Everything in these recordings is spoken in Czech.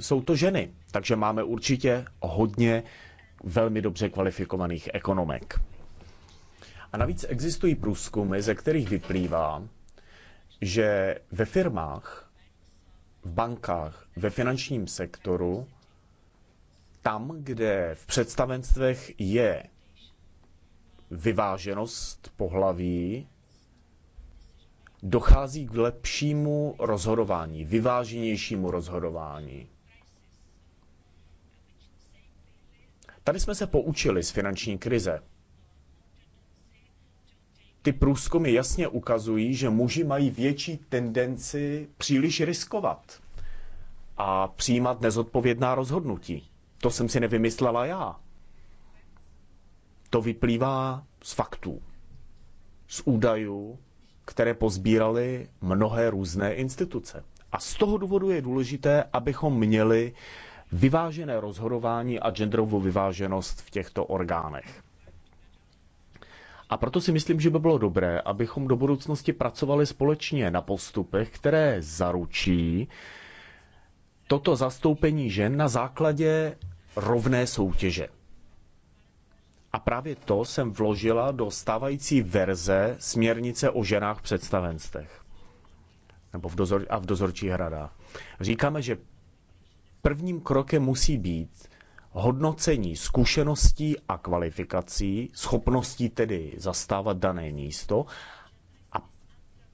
jsou to ženy. Takže máme určitě hodně velmi dobře kvalifikovaných ekonomek. A navíc existují průzkumy, ze kterých vyplývá, že ve firmách, v bankách, ve finančním sektoru, tam, kde v představenstvech je vyváženost pohlaví, dochází k lepšímu rozhodování, vyváženějšímu rozhodování. Tady jsme se poučili z finanční krize. Ty průzkumy jasně ukazují, že muži mají větší tendenci příliš riskovat a přijímat nezodpovědná rozhodnutí. To jsem si nevymyslela já. To vyplývá z faktů, z údajů, které pozbíraly mnohé různé instituce. A z toho důvodu je důležité, abychom měli vyvážené rozhodování a genderovou vyváženost v těchto orgánech. A proto si myslím, že by bylo dobré, abychom do budoucnosti pracovali společně na postupech, které zaručí toto zastoupení žen na základě rovné soutěže. A právě to jsem vložila do stávající verze směrnice o ženách v představenstech nebo v dozor, a v dozorčích radách. Říkáme, že Prvním krokem musí být hodnocení zkušeností a kvalifikací, schopností tedy zastávat dané místo a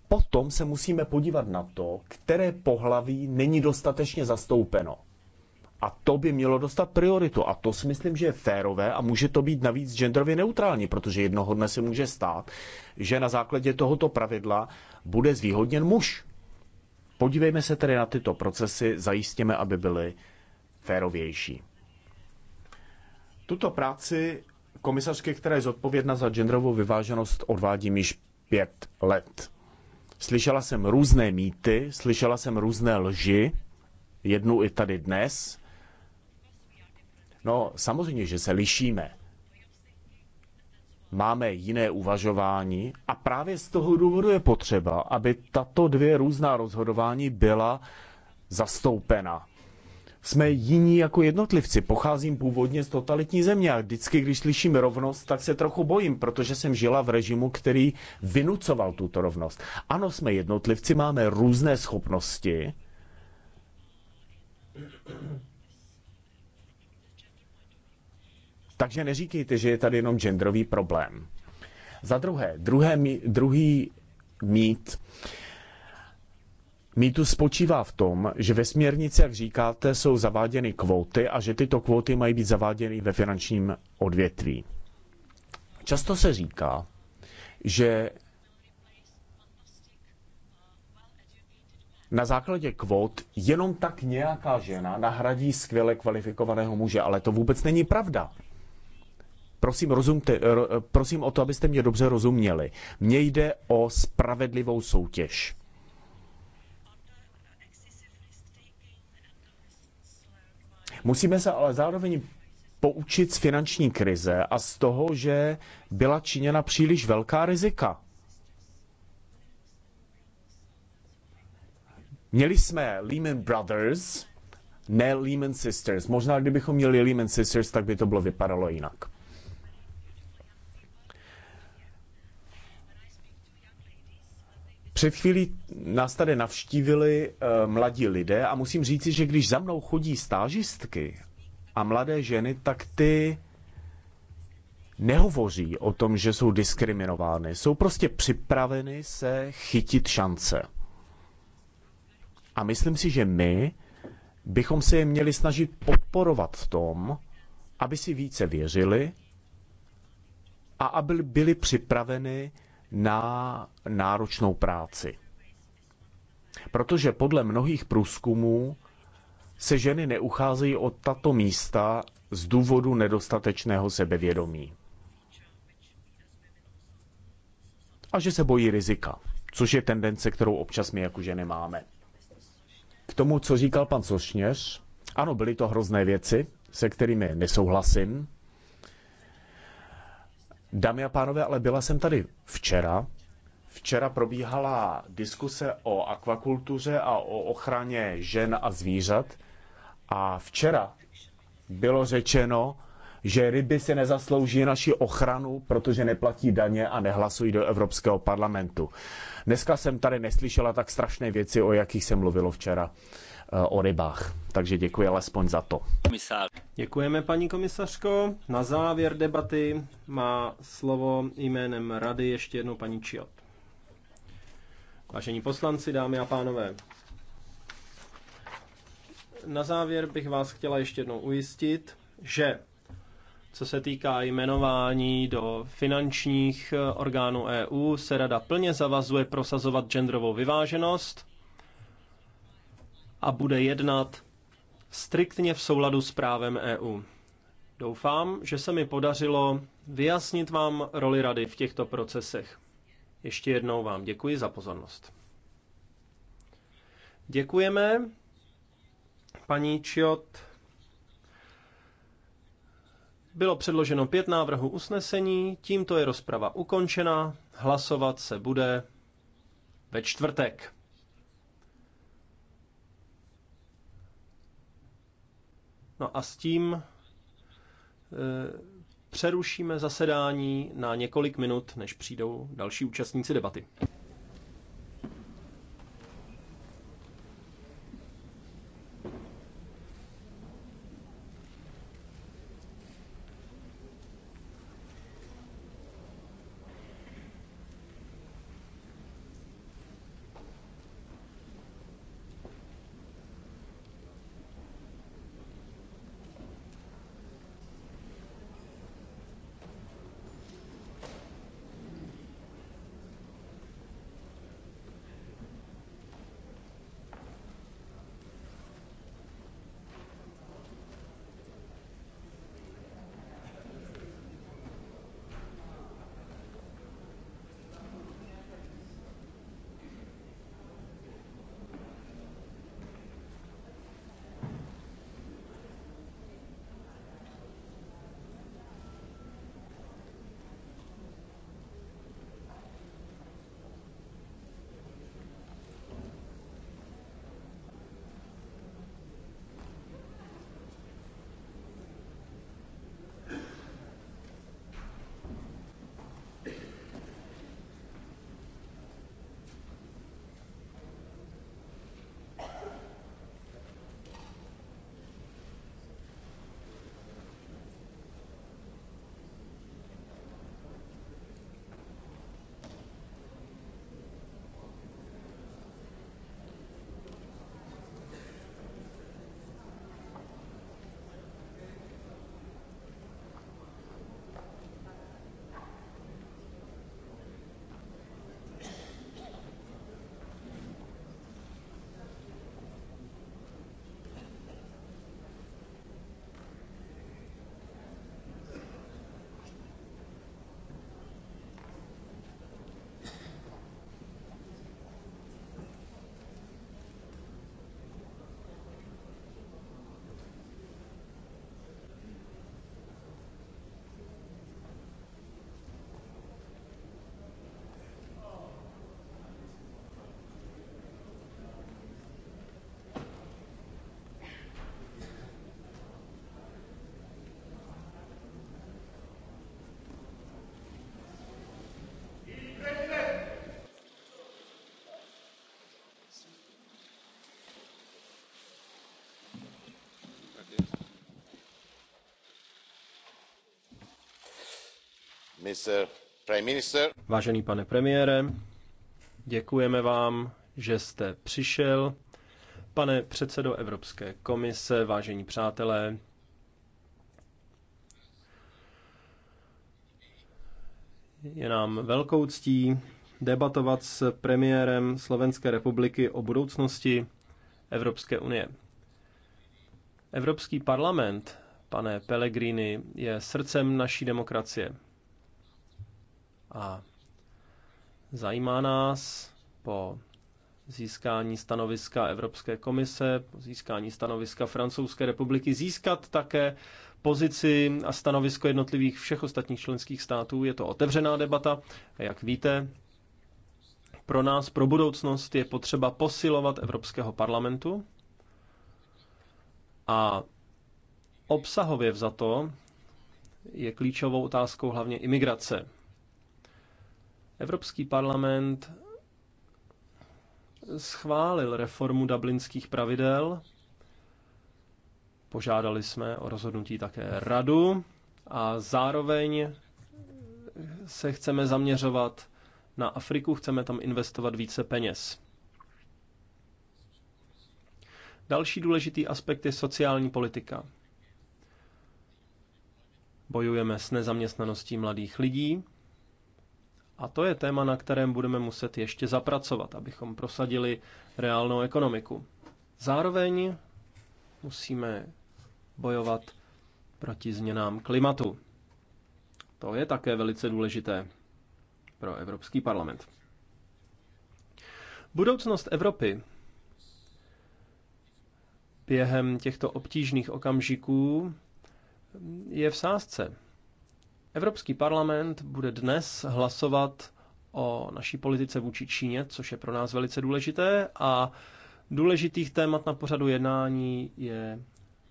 potom se musíme podívat na to, které pohlaví není dostatečně zastoupeno. A to by mělo dostat prioritu. A to si myslím, že je férové a může to být navíc genderově neutrální, protože jednoho dne se může stát, že na základě tohoto pravidla bude zvýhodněn muž. Podívejme se tedy na tyto procesy, zajistěme, aby byly férovější. Tuto práci komisařky, která je zodpovědná za genderovou vyváženost, odvádím již pět let. Slyšela jsem různé mýty, slyšela jsem různé lži, jednu i tady dnes. No, samozřejmě, že se lišíme máme jiné uvažování a právě z toho důvodu je potřeba, aby tato dvě různá rozhodování byla zastoupena. Jsme jiní jako jednotlivci. Pocházím původně z totalitní země a vždycky, když slyším rovnost, tak se trochu bojím, protože jsem žila v režimu, který vynucoval tuto rovnost. Ano, jsme jednotlivci, máme různé schopnosti, Takže neříkejte, že je tady jenom genderový problém. Za druhé, druhé druhý mít. Mýtu spočívá v tom, že ve směrnici, jak říkáte, jsou zaváděny kvóty a že tyto kvóty mají být zaváděny ve finančním odvětví. Často se říká, že na základě kvót jenom tak nějaká žena nahradí skvěle kvalifikovaného muže, ale to vůbec není pravda prosím, rozumte, prosím o to, abyste mě dobře rozuměli. Mně jde o spravedlivou soutěž. Musíme se ale zároveň poučit z finanční krize a z toho, že byla činěna příliš velká rizika. Měli jsme Lehman Brothers, ne Lehman Sisters. Možná kdybychom měli Lehman Sisters, tak by to bylo vypadalo jinak. Před chvílí nás tady navštívili eh, mladí lidé a musím říci, že když za mnou chodí stážistky a mladé ženy, tak ty nehovoří o tom, že jsou diskriminovány. Jsou prostě připraveny se chytit šance. A myslím si, že my bychom se je měli snažit podporovat v tom, aby si více věřili a aby byli připraveni na náročnou práci. Protože podle mnohých průzkumů se ženy neucházejí od tato místa z důvodu nedostatečného sebevědomí. A že se bojí rizika, což je tendence, kterou občas my jako ženy máme. K tomu, co říkal pan Sošněř, ano, byly to hrozné věci, se kterými nesouhlasím, Dámy a pánové, ale byla jsem tady včera. Včera probíhala diskuse o akvakultuře a o ochraně žen a zvířat. A včera bylo řečeno, že ryby si nezaslouží naši ochranu, protože neplatí daně a nehlasují do Evropského parlamentu. Dneska jsem tady neslyšela tak strašné věci, o jakých se mluvilo včera. Eh, o rybách. Takže děkuji alespoň za to. Komisář. Děkujeme, paní komisařko. Na závěr debaty má slovo jménem rady ještě jednou paní Čiot. Vážení poslanci, dámy a pánové, na závěr bych vás chtěla ještě jednou ujistit, že co se týká jmenování do finančních orgánů EU, se Rada plně zavazuje prosazovat genderovou vyváženost a bude jednat striktně v souladu s právem EU. Doufám, že se mi podařilo vyjasnit vám roli rady v těchto procesech. Ještě jednou vám děkuji za pozornost. Děkujeme, paní Čiot. Bylo předloženo pět návrhů usnesení, tímto je rozprava ukončena, hlasovat se bude ve čtvrtek. No a s tím eh, přerušíme zasedání na několik minut, než přijdou další účastníci debaty. Vážený pane premiére, děkujeme vám, že jste přišel. Pane předsedo Evropské komise, vážení přátelé, je nám velkou ctí debatovat s premiérem Slovenské republiky o budoucnosti Evropské unie. Evropský parlament, pane Pellegrini, je srdcem naší demokracie a zajímá nás po získání stanoviska Evropské komise, po získání stanoviska Francouzské republiky, získat také pozici a stanovisko jednotlivých všech ostatních členských států. Je to otevřená debata, a jak víte. Pro nás, pro budoucnost je potřeba posilovat Evropského parlamentu a obsahově vzato je klíčovou otázkou hlavně imigrace. Evropský parlament schválil reformu dublinských pravidel. Požádali jsme o rozhodnutí také radu a zároveň se chceme zaměřovat na Afriku, chceme tam investovat více peněz. Další důležitý aspekt je sociální politika. Bojujeme s nezaměstnaností mladých lidí, a to je téma, na kterém budeme muset ještě zapracovat, abychom prosadili reálnou ekonomiku. Zároveň musíme bojovat proti změnám klimatu. To je také velice důležité pro Evropský parlament. Budoucnost Evropy během těchto obtížných okamžiků je v sázce. Evropský parlament bude dnes hlasovat o naší politice vůči Číně, což je pro nás velice důležité a důležitých témat na pořadu jednání je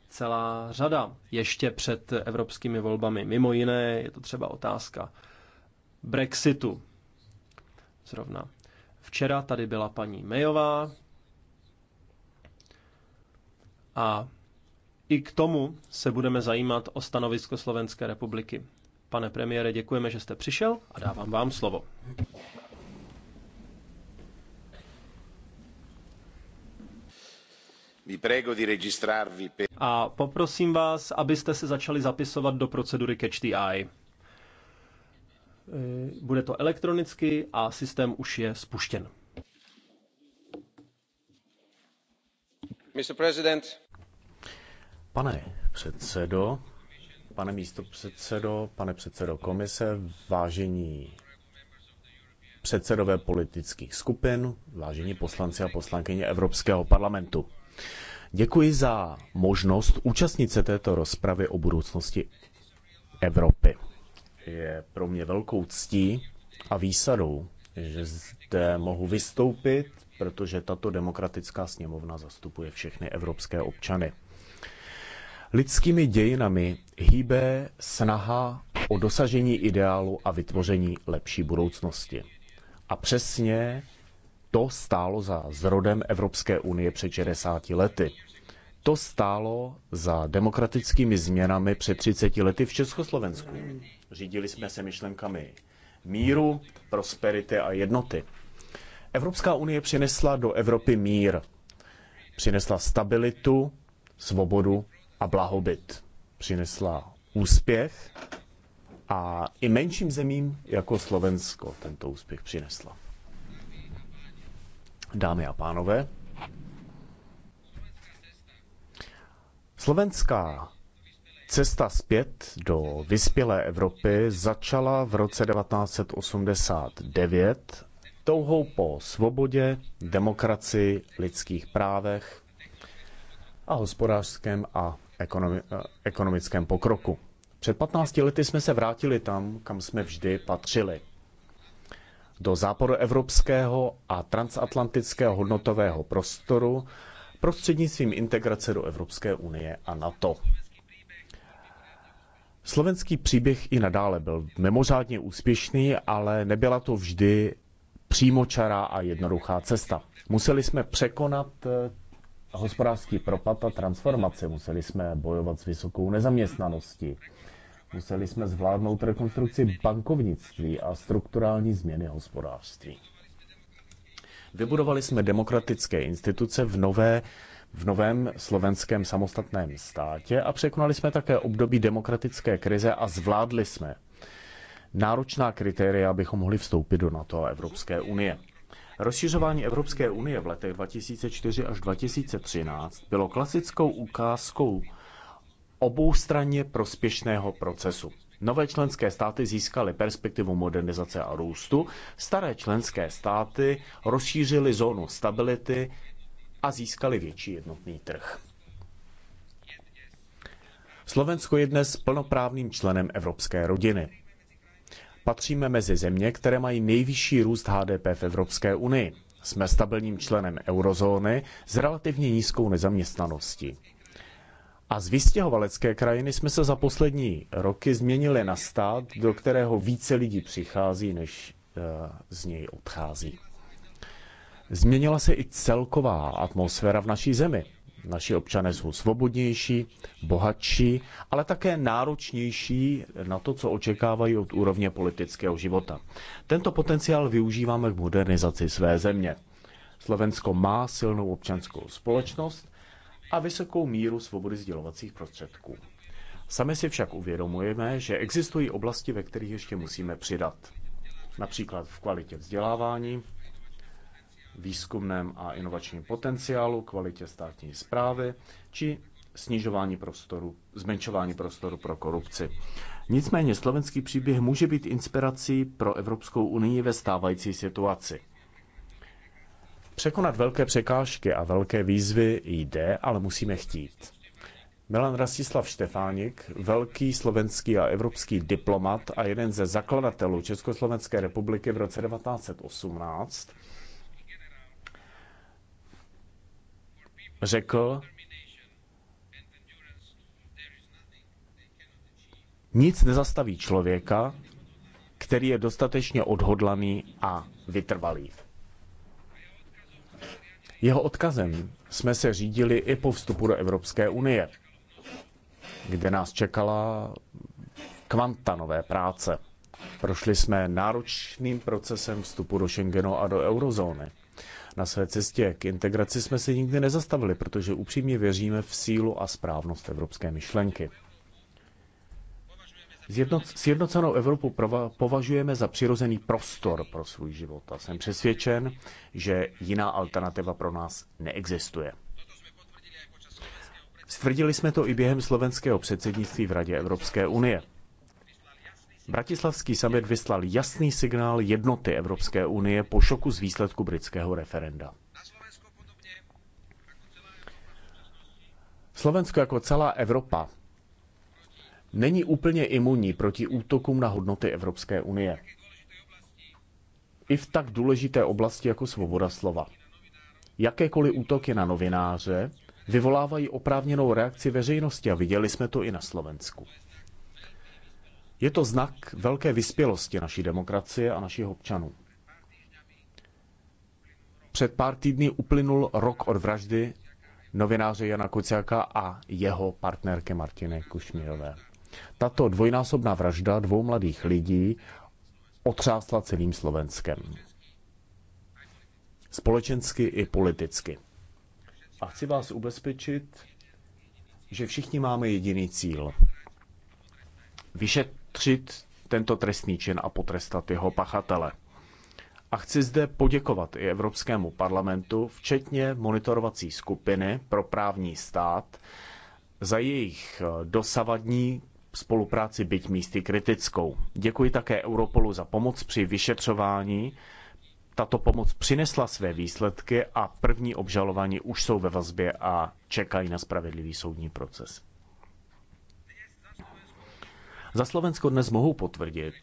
celá řada ještě před evropskými volbami. Mimo jiné je to třeba otázka Brexitu. Zrovna včera tady byla paní Mayová a i k tomu se budeme zajímat o stanovisko Slovenské republiky. Pane premiére, děkujeme, že jste přišel a dávám vám slovo. A poprosím vás, abyste se začali zapisovat do procedury Catch the Eye. Eh, bude to elektronicky a systém už je spuštěn. Pane předsedo, pane místo předsedo, pane předsedo komise, vážení předsedové politických skupin, vážení poslanci a poslankyně Evropského parlamentu. Děkuji za možnost účastnit se této rozpravy o budoucnosti Evropy. Je pro mě velkou ctí a výsadou, že zde mohu vystoupit, protože tato demokratická sněmovna zastupuje všechny evropské občany. Lidskými dějinami hýbe snaha o dosažení ideálu a vytvoření lepší budoucnosti. A přesně to stálo za zrodem Evropské unie před 60 lety. To stálo za demokratickými změnami před 30 lety v Československu. Řídili jsme se myšlenkami míru, prosperity a jednoty. Evropská unie přinesla do Evropy mír. Přinesla stabilitu, svobodu a blahobyt. Přinesla úspěch a i menším zemím jako Slovensko tento úspěch přinesla. Dámy a pánové, slovenská cesta zpět do vyspělé Evropy začala v roce 1989 touhou po svobodě, demokracii, lidských právech a hospodářském a ekonomi- eh, ekonomickém pokroku. Před 15 lety jsme se vrátili tam, kam jsme vždy patřili. Do západoevropského a transatlantického hodnotového prostoru prostřednictvím integrace do Evropské unie a NATO. Slovenský příběh i nadále byl mimořádně úspěšný, ale nebyla to vždy přímočará a jednoduchá cesta. Museli jsme překonat eh, hospodářský propad a transformace Museli jsme bojovat s vysokou nezaměstnaností. Museli jsme zvládnout rekonstrukci bankovnictví a strukturální změny hospodářství. Vybudovali jsme demokratické instituce v nové v novém slovenském samostatném státě a překonali jsme také období demokratické krize a zvládli jsme náročná kritéria, abychom mohli vstoupit do NATO a Evropské unie. Rozšiřování Evropské unie v letech 2004 až 2013 bylo klasickou ukázkou oboustranně prospěšného procesu. Nové členské státy získaly perspektivu modernizace a růstu, staré členské státy rozšířily zónu stability a získaly větší jednotný trh. Slovensko je dnes plnoprávným členem evropské rodiny. Patříme mezi země, které mají nejvyšší růst HDP v Evropské unii. Jsme stabilním členem eurozóny s relativně nízkou nezaměstnaností. A z vystěhovalecké krajiny jsme se za poslední roky změnili na stát, do kterého více lidí přichází, než eh, z něj odchází. Změnila se i celková atmosféra v naší zemi. Naši občané jsou svobodnější, bohatší, ale také náročnější na to, co očekávají od úrovně politického života. Tento potenciál využíváme k modernizaci své země. Slovensko má silnou občanskou společnost a vysokou míru svobody sdělovacích prostředků. Sami si však uvědomujeme, že existují oblasti, ve kterých ještě musíme přidat. Například v kvalitě vzdělávání, výzkumném a inovačním potenciálu, kvalitě státní zprávy či snižování prostoru, zmenšování prostoru pro korupci. Nicméně slovenský příběh může být inspirací pro Evropskou unii ve stávající situaci. Překonat velké překážky a velké výzvy jde, ale musíme chtít. Milan Rastislav Štefánik, velký slovenský a evropský diplomat a jeden ze zakladatelů Československé republiky v roce 1918, řekl, nic nezastaví člověka, který je dostatečně odhodlaný a vytrvalý. Jeho odkazem jsme se řídili i po vstupu do Evropské unie, kde nás čekala kvanta nové práce. Prošli jsme náročným procesem vstupu do Schengenu a do eurozóny. Na své cestě k integraci jsme se nikdy nezastavili, protože upřímně věříme v sílu a správnost evropské myšlenky. Sjednocenou Evropu považujeme za přirozený prostor pro svůj život a jsem přesvědčen, že jiná alternativa pro nás neexistuje. Stvrdili jsme to i během slovenského předsednictví v Radě Evropské unie. Bratislavský summit vyslal jasný signál jednoty Evropské unie po šoku z výsledku britského referenda. Slovensko jako celá Evropa není úplně imunní proti útokům na hodnoty Evropské unie. I v tak důležité oblasti jako svoboda slova. Jakékoliv útoky na novináře vyvolávají oprávněnou reakci veřejnosti a viděli jsme to i na Slovensku. Je to znak velké vyspělosti naší demokracie a našich občanů. Před pár týdny uplynul rok od vraždy novináře Jana Kuciaka a jeho partnerky Martiny Kušmírové. Tato dvojnásobná vražda dvou mladých lidí otřásla celým Slovenskem. Společensky i politicky. A chci vás ubezpečit, že všichni máme jediný cíl. Vyšet, ošetřit tento trestný čin a potrestat jeho pachatele. A chci zde poděkovat i Evropskému parlamentu, včetně monitorovací skupiny pro právní stát, za jejich eh, dosavadní spolupráci byť místy kritickou. Děkuji také Europolu za pomoc při vyšetřování. Tato pomoc přinesla své výsledky a první obžalovaní už jsou ve vazbě a čekají na spravedlivý soudní proces. Za Slovensko dnes mohu potvrdit,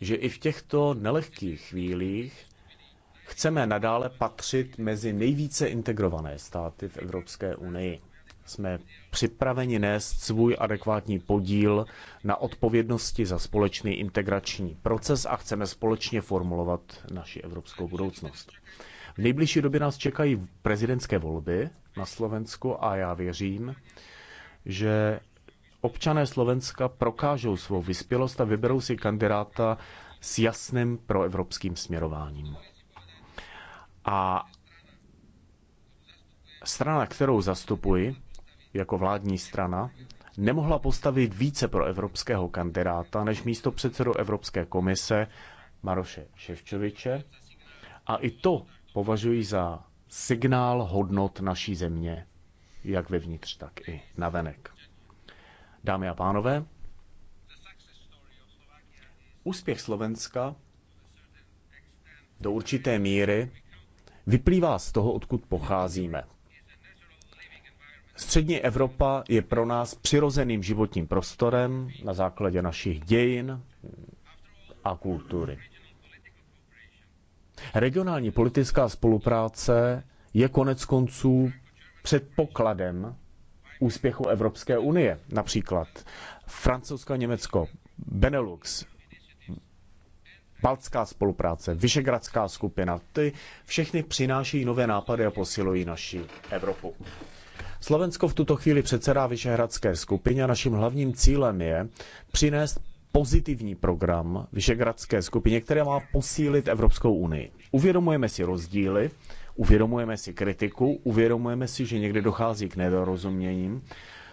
že i v těchto nelehkých chvílích chceme nadále patřit mezi nejvíce integrované státy v Evropské unii. Jsme připraveni nést svůj adekvátní podíl na odpovědnosti za společný integrační proces a chceme společně formulovat naši evropskou budoucnost. V nejbližší době nás čekají prezidentské volby na Slovensku a já věřím, že občané Slovenska prokážou svou vyspělost a vyberou si kandidáta s jasným proevropským směrováním. A strana, kterou zastupuji, jako vládní strana, nemohla postavit více pro evropského kandidáta než místo předsedu Evropské komise Maroše Ševčoviče. A i to považuji za signál hodnot naší země, jak vevnitř, tak i navenek. Dámy a pánové, úspěch Slovenska do určité míry vyplývá z toho, odkud pocházíme. Střední Evropa je pro nás přirozeným životním prostorem na základě našich dějin a kultury. Regionální politická spolupráce je konec konců předpokladem úspěchu Evropské unie. Například Francouzsko a Německo, Benelux, Baltská spolupráce, Vyšegradská skupina, ty všechny přináší nové nápady a posilují naši Evropu. Slovensko v tuto chvíli předsedá Vyšehradské skupině a naším hlavním cílem je přinést pozitivní program Vyšegradské skupině, které má posílit Evropskou unii. Uvědomujeme si rozdíly, Uvědomujeme si kritiku, uvědomujeme si, že někdy dochází k nedorozuměním.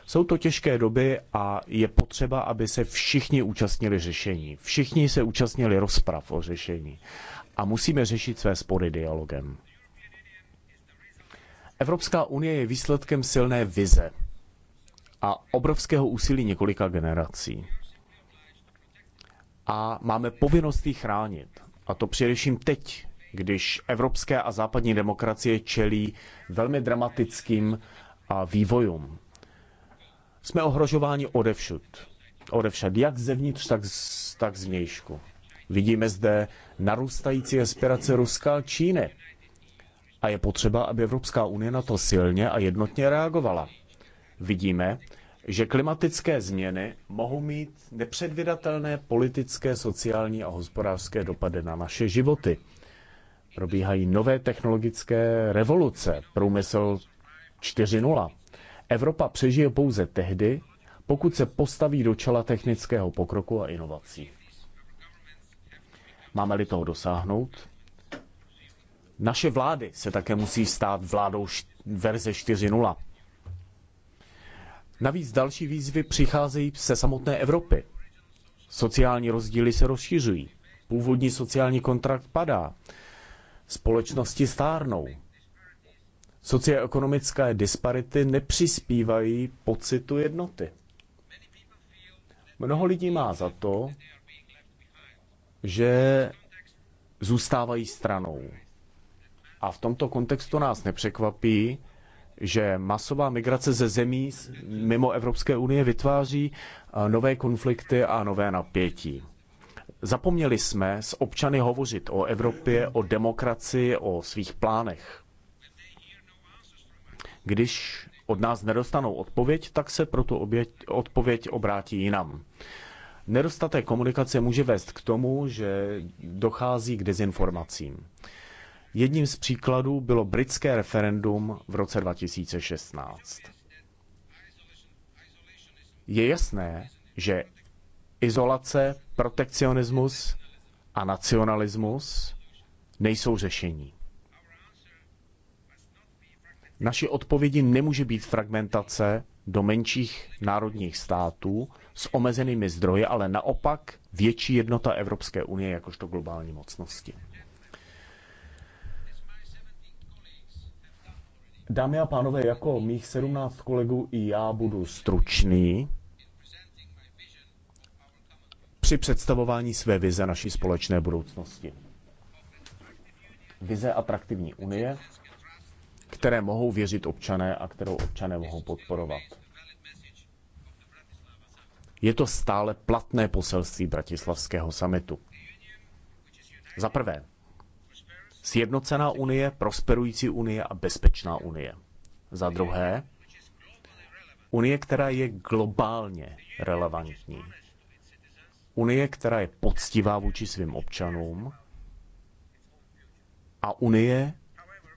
Jsou to těžké doby a je potřeba, aby se všichni účastnili řešení. Všichni se účastnili rozprav o řešení. A musíme řešit své spory dialogem. Evropská unie je výsledkem silné vize a obrovského úsilí několika generací. A máme povinnost ji chránit. A to především teď, když evropské a západní demokracie čelí velmi dramatickým vývojům. Jsme ohrožováni odevšud. Odevšad, jak zevnitř, tak, z, tak zvnějšku. Vidíme zde narůstající aspirace Ruska a Číny. A je potřeba, aby Evropská unie na to silně a jednotně reagovala. Vidíme, že klimatické změny mohou mít nepředvydatelné politické, sociální a hospodářské dopady na naše životy probíhají nové technologické revoluce, průmysl 4.0. Evropa přežije pouze tehdy, pokud se postaví do čela technického pokroku a inovací. Máme-li toho dosáhnout? Naše vlády se také musí stát vládou verze 4.0. Navíc další výzvy přicházejí se samotné Evropy. Sociální rozdíly se rozšiřují. Původní sociální kontrakt padá. Společnosti stárnou. Socioekonomické disparity nepřispívají pocitu jednoty. Mnoho lidí má za to, že zůstávají stranou. A v tomto kontextu nás nepřekvapí, že masová migrace ze zemí mimo Evropské unie vytváří eh, nové konflikty a nové napětí. Zapomněli jsme s občany hovořit o Evropě, o demokracii, o svých plánech. Když od nás nedostanou odpověď, tak se proto oběť, odpověď obrátí jinam. Nedostatek komunikace může vést k tomu, že dochází k dezinformacím. Jedním z příkladů bylo britské referendum v roce 2016. Je jasné, že izolace, Protekcionismus a nacionalismus nejsou řešení. Naše odpovědi nemůže být fragmentace do menších národních států s omezenými zdroji, ale naopak větší jednota Evropské unie jakožto globální mocnosti. Dámy a pánové, jako mých 17 kolegů i já budu stručný při představování své vize naší společné budoucnosti. Vize atraktivní unie, které mohou věřit občané a kterou občané mohou podporovat. Je to stále platné poselství Bratislavského samitu. Za prvé, sjednocená unie, prosperující unie a bezpečná unie. Za druhé, unie, která je globálně relevantní. Unie, která je poctivá vůči svým občanům a Unie,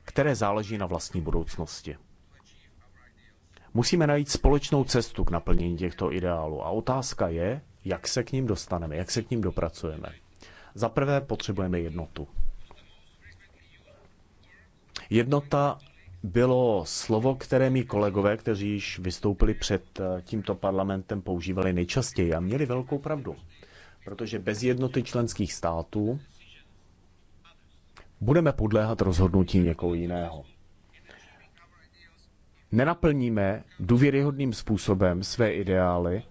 které záleží na vlastní budoucnosti. Musíme najít společnou cestu k naplnění těchto ideálů a otázka je, jak se k ním dostaneme, jak se k ním dopracujeme. Za prvé potřebujeme jednotu. Jednota bylo slovo, které mi kolegové, kteří již vystoupili před eh, tímto parlamentem, používali nejčastěji a měli velkou pravdu protože bez jednoty členských států budeme podléhat rozhodnutí někoho jiného. Nenaplníme důvěryhodným způsobem své ideály,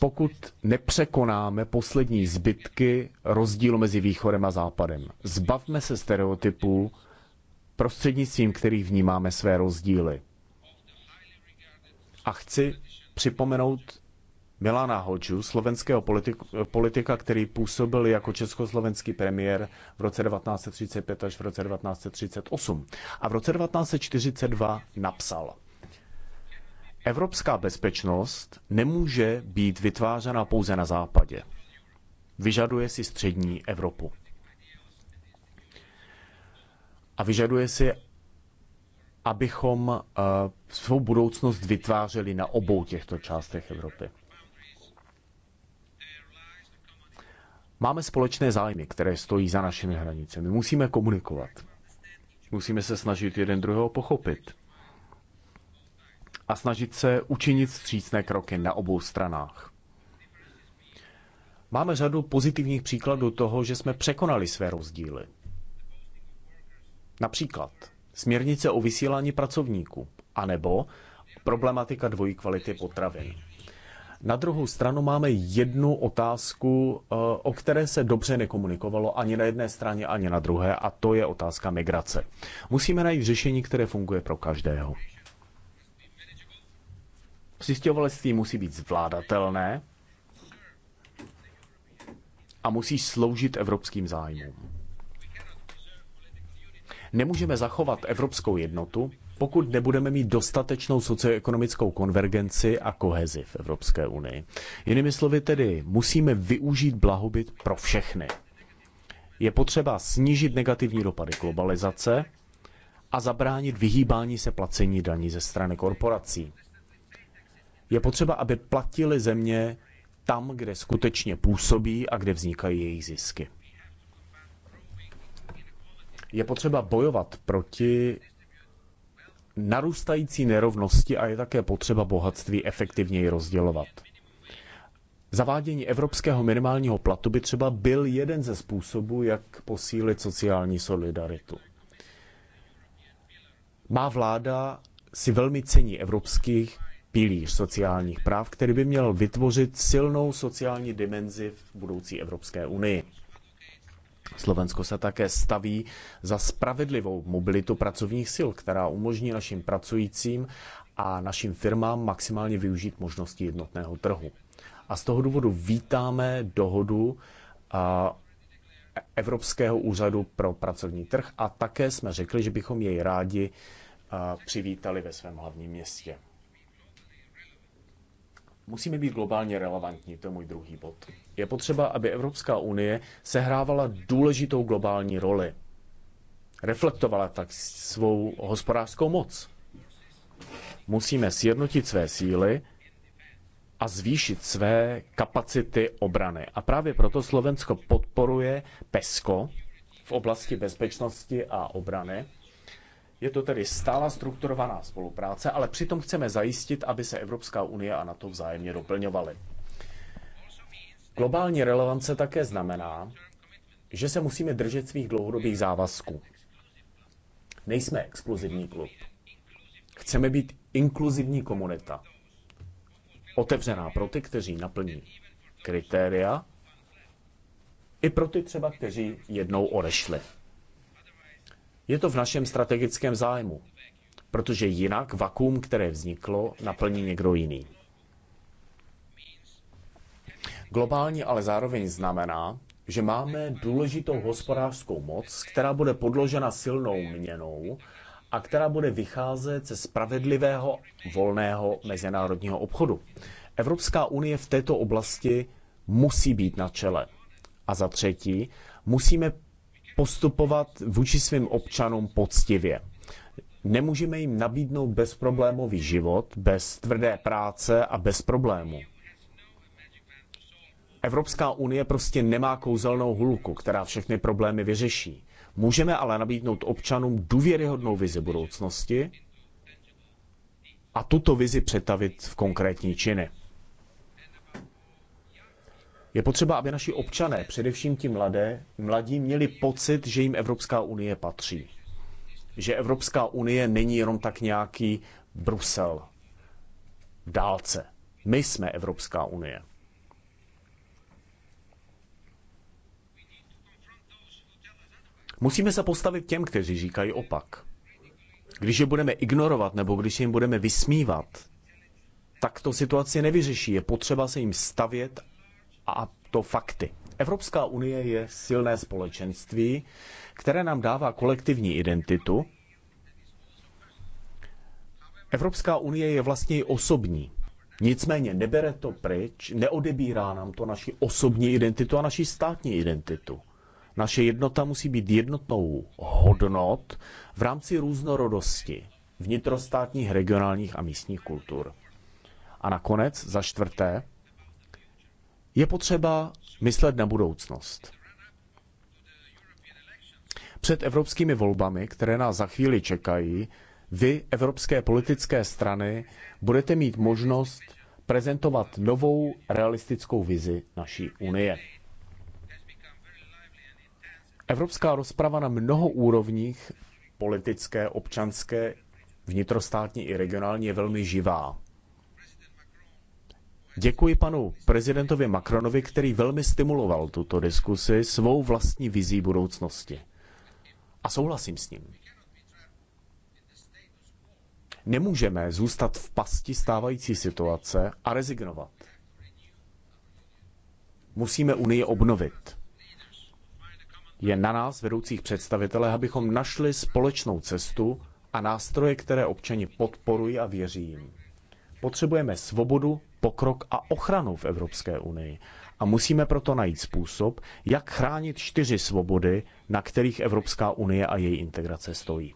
pokud nepřekonáme poslední zbytky rozdílu mezi východem a západem. Zbavme se stereotypů, prostřednictvím kterých vnímáme své rozdíly. A chci připomenout Milana Hoču, slovenského politika, politika, který působil jako československý premiér v roce 1935 až v roce 1938. A v roce 1942 napsal. Evropská bezpečnost nemůže být vytvářena pouze na západě. Vyžaduje si střední Evropu. A vyžaduje si, abychom eh, svou budoucnost vytvářeli na obou těchto částech Evropy. Máme společné zájmy, které stojí za našimi hranicemi. Musíme komunikovat. Musíme se snažit jeden druhého pochopit. A snažit se učinit střícné kroky na obou stranách. Máme řadu pozitivních příkladů toho, že jsme překonali své rozdíly. Například směrnice o vysílání pracovníků, anebo problematika dvojí kvality potravin. Na druhou stranu máme jednu otázku, eh, o které se dobře nekomunikovalo ani na jedné straně, ani na druhé, a to je otázka migrace. Musíme najít řešení, které funguje pro každého. Přistěhovalectví musí být zvládatelné a musí sloužit evropským zájmům. Nemůžeme zachovat evropskou jednotu, pokud nebudeme mít dostatečnou socioekonomickou konvergenci a kohezi v Evropské unii. Jinými slovy tedy, musíme využít blahobyt pro všechny. Je potřeba snížit negativní dopady globalizace a zabránit vyhýbání se placení daní ze strany korporací. Je potřeba, aby platili země tam, kde skutečně působí a kde vznikají jejich zisky. Je potřeba bojovat proti narůstající nerovnosti a je také potřeba bohatství efektivněji rozdělovat. Zavádění evropského minimálního platu by třeba byl jeden ze způsobů, jak posílit sociální solidaritu. Má vláda si velmi cení evropských pilíř sociálních práv, který by měl vytvořit silnou sociální dimenzi v budoucí Evropské unii. Slovensko se také staví za spravedlivou mobilitu pracovních sil, která umožní našim pracujícím a našim firmám maximálně využít možnosti jednotného trhu. A z toho důvodu vítáme dohodu Evropského úřadu pro pracovní trh a také jsme řekli, že bychom jej rádi přivítali ve svém hlavním městě. Musíme být globálně relevantní, to je můj druhý bod. Je potřeba, aby Evropská unie sehrávala důležitou globální roli. Reflektovala tak svou hospodářskou moc. Musíme sjednotit své síly a zvýšit své kapacity obrany. A právě proto Slovensko podporuje PESCO v oblasti bezpečnosti a obrany je to tedy stála strukturovaná spolupráce, ale přitom chceme zajistit, aby se Evropská unie a NATO vzájemně doplňovaly. Globální relevance také znamená, že se musíme držet svých dlouhodobých závazků. Nejsme exkluzivní klub. Chceme být inkluzivní komunita. Otevřená pro ty, kteří naplní kritéria, i pro ty třeba, kteří jednou odešli. Je to v našem strategickém zájmu, protože jinak vakuum, které vzniklo, naplní někdo jiný. Globální ale zároveň znamená, že máme důležitou hospodářskou moc, která bude podložena silnou měnou a která bude vycházet ze spravedlivého volného mezinárodního obchodu. Evropská unie v této oblasti musí být na čele. A za třetí, musíme postupovat vůči svým občanům poctivě. Nemůžeme jim nabídnout bezproblémový život, bez tvrdé práce a bez problémů. Evropská unie prostě nemá kouzelnou hulku, která všechny problémy vyřeší. Můžeme ale nabídnout občanům důvěryhodnou vizi budoucnosti a tuto vizi přetavit v konkrétní činy. Je potřeba, aby naši občané, především ti mladé, mladí, měli pocit, že jim Evropská unie patří. Že Evropská unie není jenom tak nějaký Brusel v dálce. My jsme Evropská unie. Musíme se postavit těm, kteří říkají opak. Když je budeme ignorovat nebo když jim budeme vysmívat, tak to situaci nevyřeší. Je potřeba se jim stavět a to fakty. Evropská unie je silné společenství, které nám dává kolektivní identitu. Evropská unie je vlastně i osobní. Nicméně nebere to pryč, neodebírá nám to naši osobní identitu a naši státní identitu. Naše jednota musí být jednotnou hodnot v rámci různorodosti vnitrostátních, regionálních a místních kultur. A nakonec, za čtvrté, je potřeba myslet na budoucnost. Před evropskými volbami, které nás za chvíli čekají, vy, evropské politické strany, budete mít možnost prezentovat novou realistickou vizi naší Unie. Evropská rozprava na mnoho úrovních politické, občanské, vnitrostátní i regionální je velmi živá. Děkuji panu prezidentovi Macronovi, který velmi stimuloval tuto diskusi svou vlastní vizí budoucnosti. A souhlasím s ním. Nemůžeme zůstat v pasti stávající situace a rezignovat. Musíme Unii obnovit. Je na nás, vedoucích představitelé, abychom našli společnou cestu a nástroje, které občani podporují a věří jim. Potřebujeme svobodu, pokrok a ochranu v Evropské unii. A musíme proto najít způsob, jak chránit čtyři svobody, na kterých Evropská unie a její integrace stojí.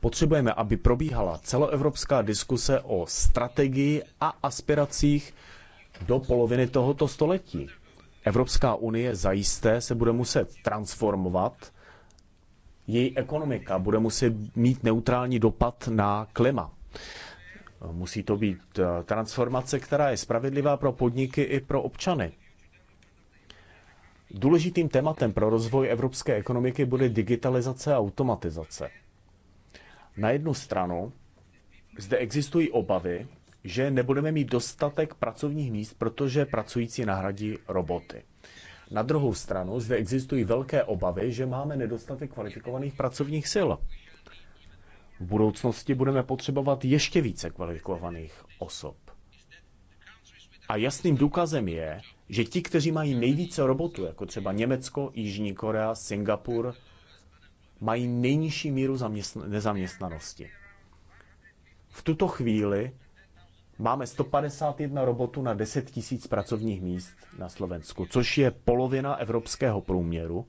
Potřebujeme, aby probíhala celoevropská diskuse o strategii a aspiracích do poloviny tohoto století. Evropská unie zajisté se bude muset transformovat, její ekonomika bude muset mít neutrální dopad na klima. Musí to být eh, transformace, která je spravedlivá pro podniky i pro občany. Důležitým tématem pro rozvoj evropské ekonomiky bude digitalizace a automatizace. Na jednu stranu zde existují obavy, že nebudeme mít dostatek pracovních míst, protože pracující nahradí roboty. Na druhou stranu zde existují velké obavy, že máme nedostatek kvalifikovaných pracovních sil. V budoucnosti budeme potřebovat ještě více kvalifikovaných osob. A jasným důkazem je, že ti, kteří mají nejvíce robotů, jako třeba Německo, Jižní Korea, Singapur, mají nejnižší míru nezaměstnanosti. V tuto chvíli máme 151 robotů na 10 000 pracovních míst na Slovensku, což je polovina evropského průměru,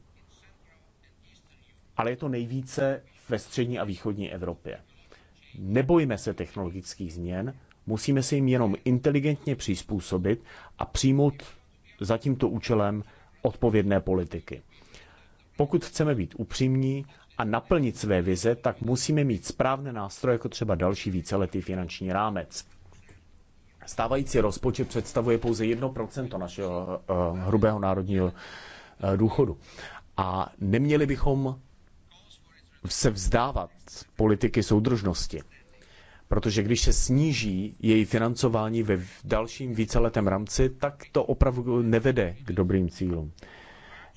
ale je to nejvíce ve střední a východní Evropě. Nebojme se technologických změn, musíme se jim jenom inteligentně přizpůsobit a přijmout za tímto účelem odpovědné politiky. Pokud chceme být upřímní a naplnit své vize, tak musíme mít správné nástroje, jako třeba další víceletý finanční rámec. Stávající rozpočet představuje pouze 1% našeho eh, hrubého národního eh, důchodu. A neměli bychom se vzdávat politiky soudržnosti. Protože když se sníží její financování ve dalším víceletém rámci, tak to opravdu nevede k dobrým cílům.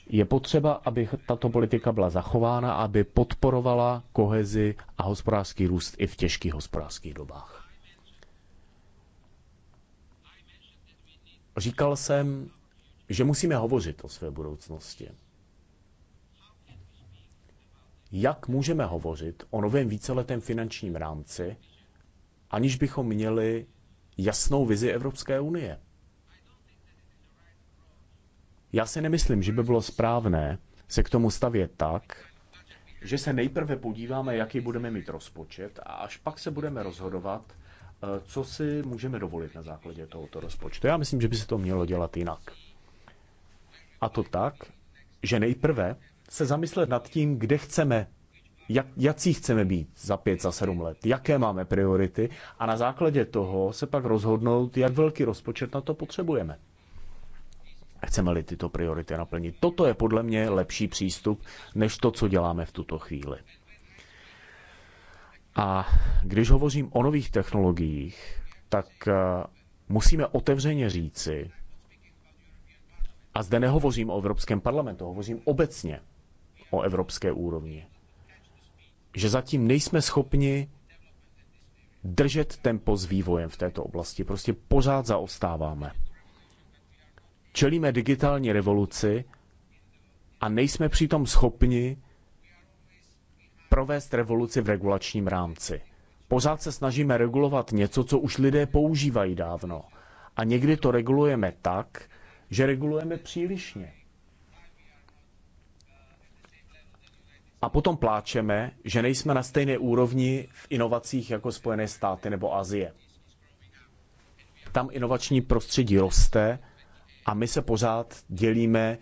Je potřeba, aby tato politika byla zachována, aby podporovala kohezi a hospodářský růst i v těžkých hospodářských dobách. Říkal jsem, že musíme hovořit o své budoucnosti jak můžeme hovořit o novém víceletém finančním rámci, aniž bychom měli jasnou vizi Evropské unie. Já si nemyslím, že by bylo správné se k tomu stavět tak, že se nejprve podíváme, jaký budeme mít rozpočet a až pak se budeme rozhodovat, eh, co si můžeme dovolit na základě tohoto rozpočtu. Já myslím, že by se to mělo dělat jinak. A to tak, že nejprve se zamyslet nad tím, kde chceme, jak, jaký chceme být za pět, za sedm let, jaké máme priority a na základě toho se pak rozhodnout, jak velký rozpočet na to potřebujeme. Chceme-li tyto priority naplnit. Toto je podle mě lepší přístup, než to, co děláme v tuto chvíli. A když hovořím o nových technologiích, tak eh, musíme otevřeně říci, a zde nehovořím o Evropském parlamentu, hovořím obecně o evropské úrovni. Že zatím nejsme schopni držet tempo s vývojem v této oblasti. Prostě pořád zaostáváme. Čelíme digitální revoluci a nejsme přitom schopni provést revoluci v regulačním rámci. Pořád se snažíme regulovat něco, co už lidé používají dávno. A někdy to regulujeme tak, že regulujeme přílišně. a potom pláčeme, že nejsme na stejné úrovni v inovacích jako Spojené státy nebo Azie. Tam inovační prostředí roste a my se pořád dělíme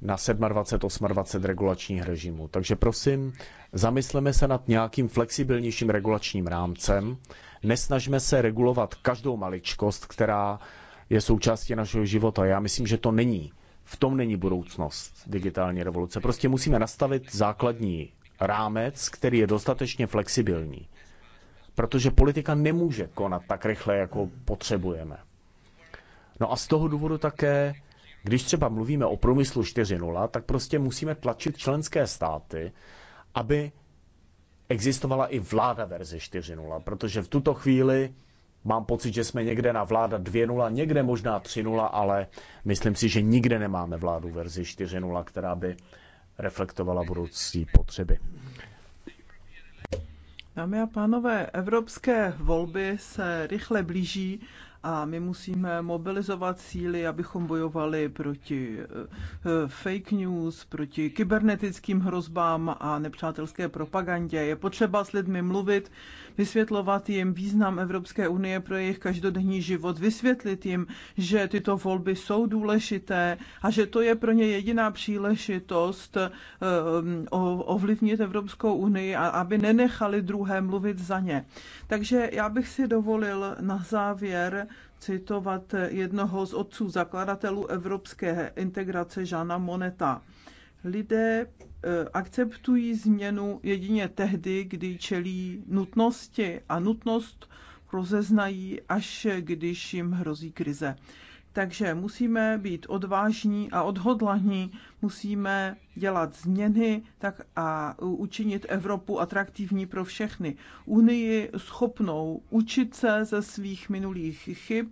na 27, 28 regulačních režimů. Takže prosím, zamysleme se nad nějakým flexibilnějším regulačním rámcem. Nesnažme se regulovat každou maličkost, která je součástí našeho života. Já myslím, že to není v tom není budoucnost digitální revoluce. Prostě musíme nastavit základní rámec, který je dostatečně flexibilní. Protože politika nemůže konat tak rychle, jako potřebujeme. No a z toho důvodu také, když třeba mluvíme o průmyslu 4.0, tak prostě musíme tlačit členské státy, aby existovala i vláda verze 4.0, protože v tuto chvíli Mám pocit, že jsme někde na vláda 2.0, někde možná 3.0, ale myslím si, že nikde nemáme vládu verzi 4.0, která by reflektovala budoucí potřeby. Dámy a pánové, evropské volby se rychle blíží a my musíme mobilizovat síly, abychom bojovali proti eh, fake news, proti kybernetickým hrozbám a nepřátelské propagandě. Je potřeba s lidmi mluvit, vysvětlovat jim význam Evropské unie pro jejich každodenní život, vysvětlit jim, že tyto volby jsou důležité a že to je pro ně jediná příležitost eh, mm, ovlivnit Evropskou unii a aby nenechali druhé mluvit za ně. Takže já bych si dovolil na závěr citovat jednoho z otců zakladatelů evropské integrace Žana Moneta. Lidé Eh, akceptují změnu jedině tehdy, kdy čelí nutnosti a nutnost rozeznají, až když jim hrozí krize. Takže musíme být odvážní a odhodlaní, musíme dělat změny tak a učinit Evropu atraktivní pro všechny. Unii schopnou učit se ze svých minulých chyb,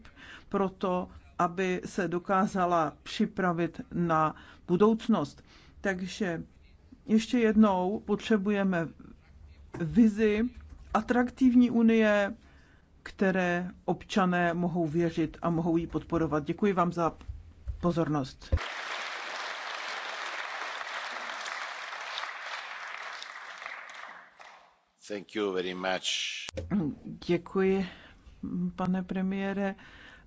proto aby se dokázala připravit na budoucnost. Takže ještě jednou potřebujeme vizi atraktivní unie, které občané mohou věřit a mohou ji podporovat. Děkuji vám za pozornost. Thank you very much. Děkuji, pane premiére.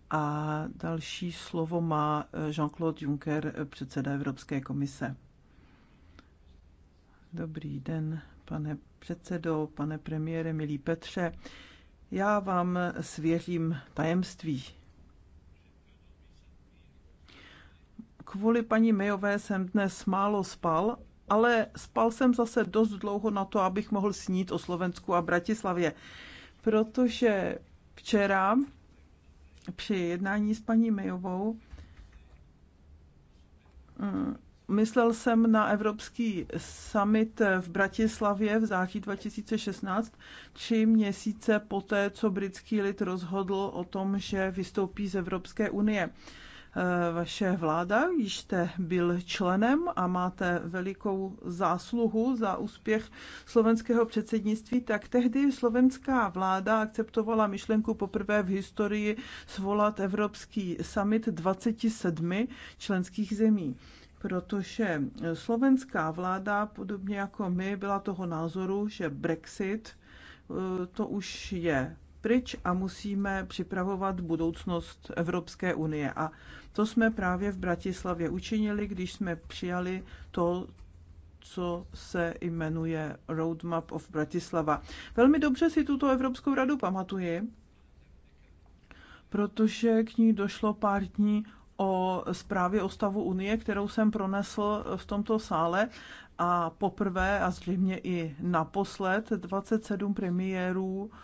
A další slovo má eh, Jean-Claude Juncker, eh, předseda Evropské komise. Dobrý den, pane předsedo, pane premiére, milý Petře. Já vám svěřím tajemství. Kvůli paní Mejové jsem dnes málo spal, ale spal jsem zase dost dlouho na to, abych mohl snít o Slovensku a Bratislavě. Protože včera při jednání s paní Mejovou mm, myslel jsem na Evropský summit v Bratislavě v září 2016, tři měsíce poté, co britský lid rozhodl o tom, že vystoupí z Evropské unie. Eh, vaše vláda, již jste byl členem a máte velikou zásluhu za úspěch slovenského předsednictví, tak tehdy slovenská vláda akceptovala myšlenku poprvé v historii svolat Evropský summit 27 členských zemí protože slovenská vláda, podobně jako my, byla toho názoru, že Brexit eh, to už je pryč a musíme připravovat budoucnost Evropské unie. A to jsme právě v Bratislavě učinili, když jsme přijali to, co se jmenuje Roadmap of Bratislava. Velmi dobře si tuto Evropskou radu pamatuji, protože k ní došlo pár dní o zprávě o stavu Unie, kterou jsem pronesl v tomto sále a poprvé a zřejmě i naposled 27 premiérů e,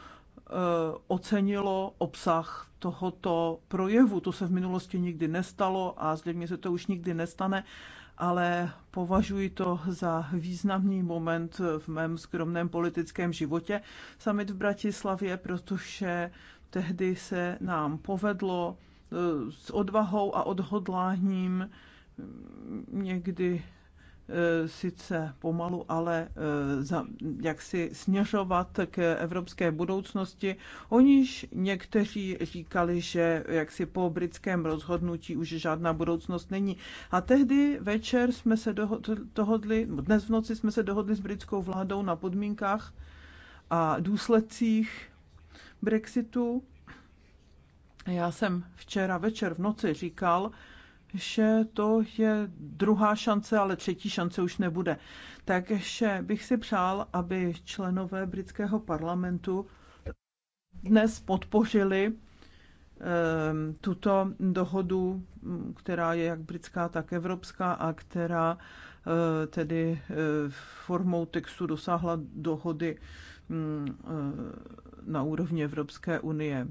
ocenilo obsah tohoto projevu. To se v minulosti nikdy nestalo a zřejmě se to už nikdy nestane, ale považuji to za významný moment v mém skromném politickém životě. Summit v Bratislavě, protože tehdy se nám povedlo s odvahou a odhodláním, mm, někdy e, sice pomalu, ale e, za, jak si směřovat k evropské budoucnosti. O někteří říkali, že jak si po britském rozhodnutí už žádná budoucnost není. A tehdy večer jsme se dohodli, dnes v noci jsme se dohodli s britskou vládou na podmínkách a důsledcích Brexitu já jsem včera večer v noci říkal, že to je druhá šance, ale třetí šance už nebude. Takže bych si přál, aby členové britského parlamentu dnes podpořili ehm, tuto dohodu, která je jak britská, tak evropská a která eh, tedy eh, formou textu dosáhla dohody mm, eh, na úrovni Evropské unie.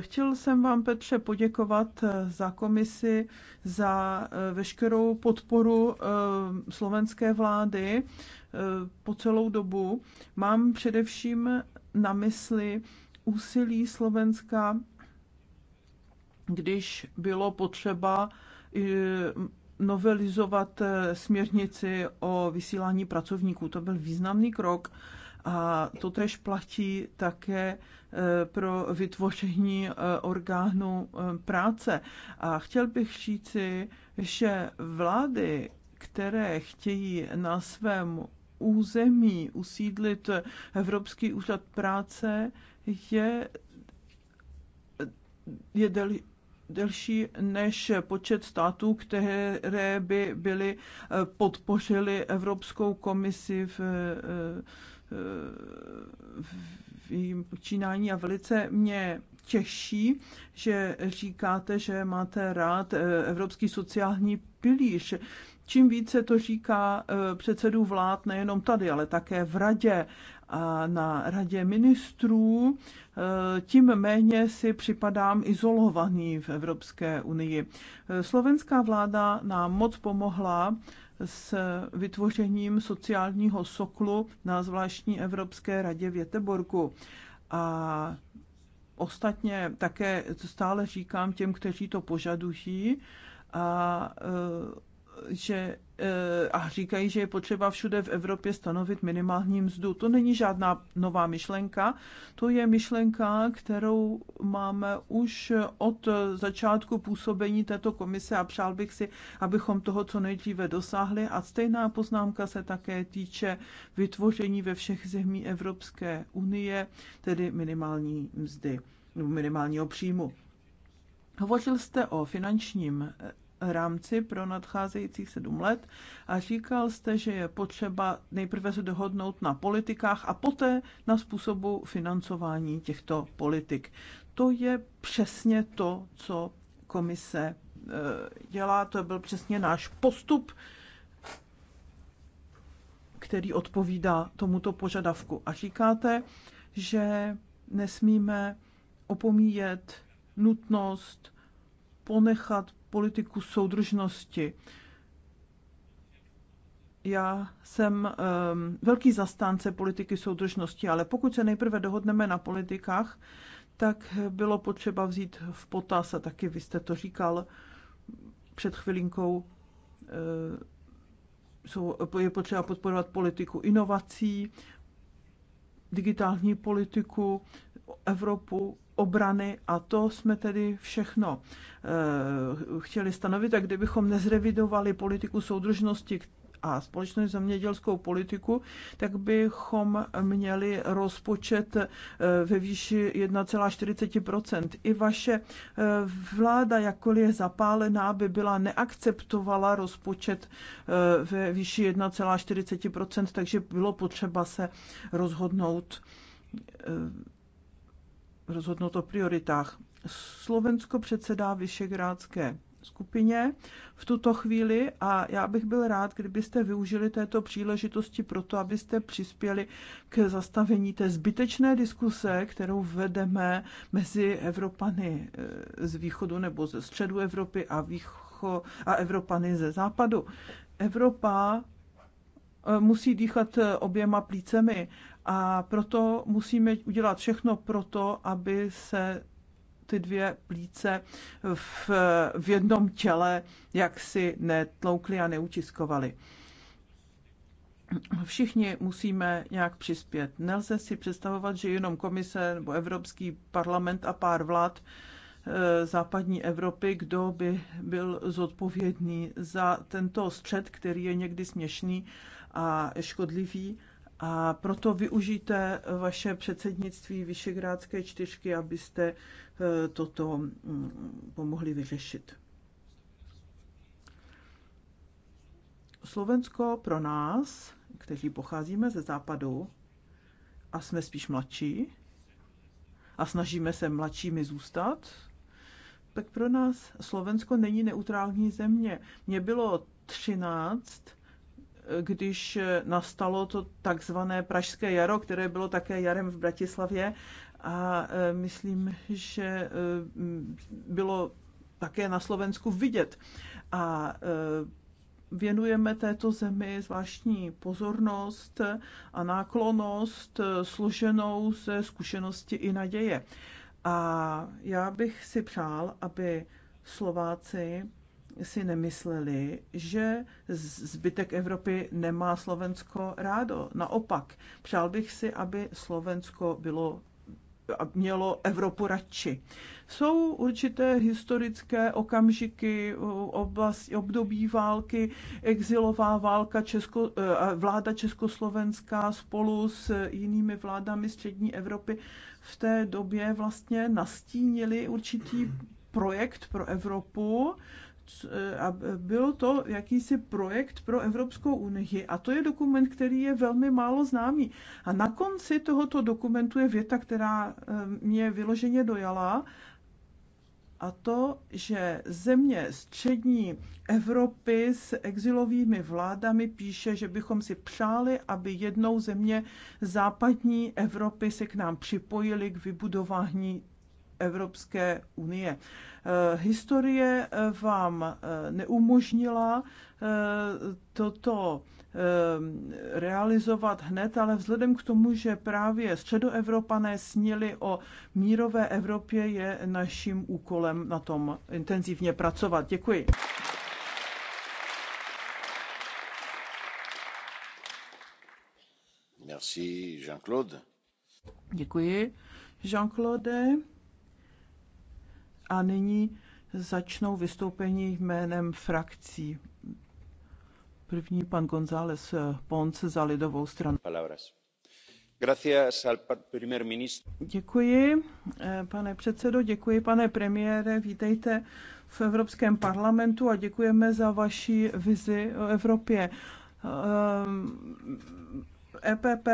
Chtěl jsem vám, Petře, poděkovat eh, za komisi, za eh, veškerou podporu eh, slovenské vlády po celou dobu. Mám především na mysli úsilí Slovenska, když bylo potřeba novelizovat směrnici o vysílání pracovníků. To byl významný krok a to tež platí také e, pro vytvoření e, orgánu e, práce. A chtěl bych říci, že vlády, které chtějí na svém území usídlit Evropský úřad práce, je, je del, delší než počet států, které by byly podpořily Evropskou komisi v počínání a velice mě těší, že říkáte, že máte rád eh, Evropský sociální pilíř. Čím více to říká eh, předsedů vlád nejenom tady, ale také v radě a na radě ministrů, eh, tím méně si připadám izolovaný v Evropské unii. Slovenská vláda nám moc pomohla s vytvořením sociálního soklu na zvláštní Evropské radě v Jeteborku A ostatně také stále říkám těm, kteří to požadují, a e, že, eh, a říkají, že je potřeba všude v Evropě stanovit minimální mzdu. To není žádná nová myšlenka, to je myšlenka, kterou máme už od začátku působení této komise a přál bych si, abychom toho co nejdříve dosáhli. A stejná poznámka se také týče vytvoření ve všech zemí Evropské unie, tedy minimální mzdy, minimálního příjmu. Hovořil jste o finančním rámci pro nadcházejících sedm let a říkal jste, že je potřeba nejprve se dohodnout na politikách a poté na způsobu financování těchto politik. To je přesně to, co komise eh, dělá, to byl přesně náš postup, který odpovídá tomuto požadavku. A říkáte, že nesmíme opomíjet nutnost ponechat politiku soudržnosti. Já jsem um, velký zastánce politiky soudržnosti, ale pokud se nejprve dohodneme na politikách, tak bylo potřeba vzít v potaz, a taky vy jste to říkal před chvilinkou, ehm, je potřeba podporovat politiku inovací, digitální politiku, Evropu obrany a to jsme tedy všechno eh, chtěli stanovit. A kdybychom nezrevidovali politiku soudržnosti, a společnou zemědělskou politiku, tak bychom měli rozpočet eh, ve výši 1,40 I vaše eh, vláda, jakkoliv je zapálená, by byla neakceptovala rozpočet ve výši 1,40 takže bylo potřeba se rozhodnout rozhodnout o prioritách. Slovensko předsedá Vyšegrádské skupině v tuto chvíli a já bych byl rád, kdybyste využili této příležitosti pro to, abyste přispěli k zastavení té zbytečné diskuse, kterou vedeme mezi Evropany eh, z východu nebo ze středu Evropy a, výcho, a Evropany ze západu. Evropa eh, musí dýchat eh, oběma plícemi a proto musíme udělat všechno pro to, aby se ty dvě plíce v, v jednom těle jaksi netloukly a neutiskovaly. Všichni musíme nějak přispět. Nelze si představovat, že jenom komise nebo Evropský parlament a pár vlád e, západní Evropy, kdo by byl zodpovědný za tento střed, který je někdy směšný a škodlivý a proto využijte eh, vaše předsednictví Vyšegrádské čtyřky, abyste eh, toto mm, pomohli vyřešit. Slovensko pro nás, kteří pocházíme ze západu a jsme spíš mladší a snažíme se mladšími zůstat, tak pro nás Slovensko není neutrální země. Mně bylo 13 když nastalo to takzvané Pražské jaro, které bylo také jarem v Bratislavě a e, myslím, že e, bylo také na Slovensku vidět. A e, věnujeme této zemi zvláštní pozornost a náklonost složenou ze zkušenosti i naděje. A já bych si přál, aby Slováci si nemysleli, že zbytek Evropy nemá Slovensko rádo. Naopak, přál bych si, aby Slovensko bylo mělo Evropu radši. Jsou určité historické okamžiky, oblast, období války, exilová válka, Česko, eh, vláda československá spolu s jinými vládami střední Evropy v té době vlastně nastínili určitý projekt pro Evropu, Eh, a bylo to jakýsi projekt pro Evropskou unii a to je dokument, který je velmi málo známý. A na konci tohoto dokumentu je věta, která eh, mě vyloženě dojala a to, že země střední Evropy s exilovými vládami píše, že bychom si přáli, aby jednou země západní Evropy se k nám připojily k vybudování Evropské unie. Eh, historie eh, vám eh, neumožnila toto realizovat hned, ale vzhledem k tomu, že právě středoevropané sněli o mírové Evropě, je naším úkolem na tom intenzivně pracovat. Děkuji. Merci Jean-Claude. Děkuji, Jean-Claude. A nyní začnou vystoupení jménem frakcí. První pan González Pons za lidovou stranu. Palabras. Děkuji, eh, pane předsedo, děkuji, pane premiére, vítejte v Evropském parlamentu a děkujeme za vaši vizi o Evropě ehm, EPP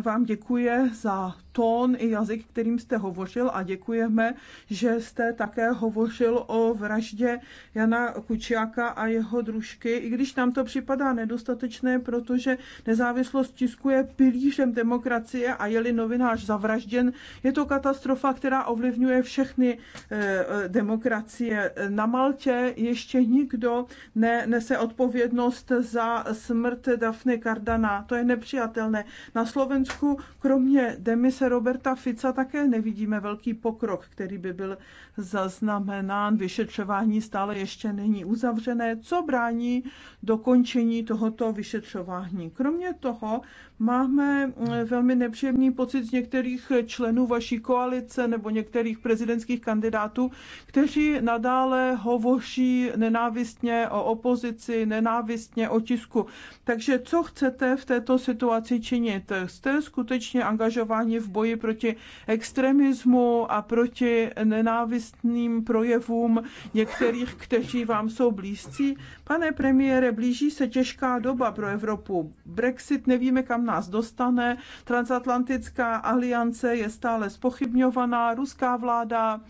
vám děkuje za tón i jazyk, kterým jste hovořil a děkujeme, že jste také hovořil o vraždě Jana Kučiáka a jeho družky, i když nám to připadá nedostatečné, protože nezávislost tisku je pilířem demokracie a je-li novinář zavražděn, je to katastrofa, která ovlivňuje všechny e, e, demokracie. Na Maltě ještě nikdo ne, nese odpovědnost za smrt Dafne Cardana. To je nepřijatelné viditelné. Na Slovensku kromě demise Roberta Fica také nevidíme velký pokrok, který by byl zaznamenán. Vyšetřování stále ještě není uzavřené, co brání dokončení tohoto vyšetřování. Kromě toho Máme eh, velmi nepříjemný pocit z některých členů vaší koalice nebo některých prezidentských kandidátů, kteří nadále hovoří nenávistně o opozici, nenávistně o tisku. Takže co chcete v této situaci činit? Jste skutečně angažováni v boji proti extremismu a proti nenávistným projevům některých, kteří vám jsou blízcí? Pane premiére, blíží se těžká doba pro Evropu. Brexit nevíme, kam nás dostane. Transatlantická aliance je stále spochybňovaná, ruská vláda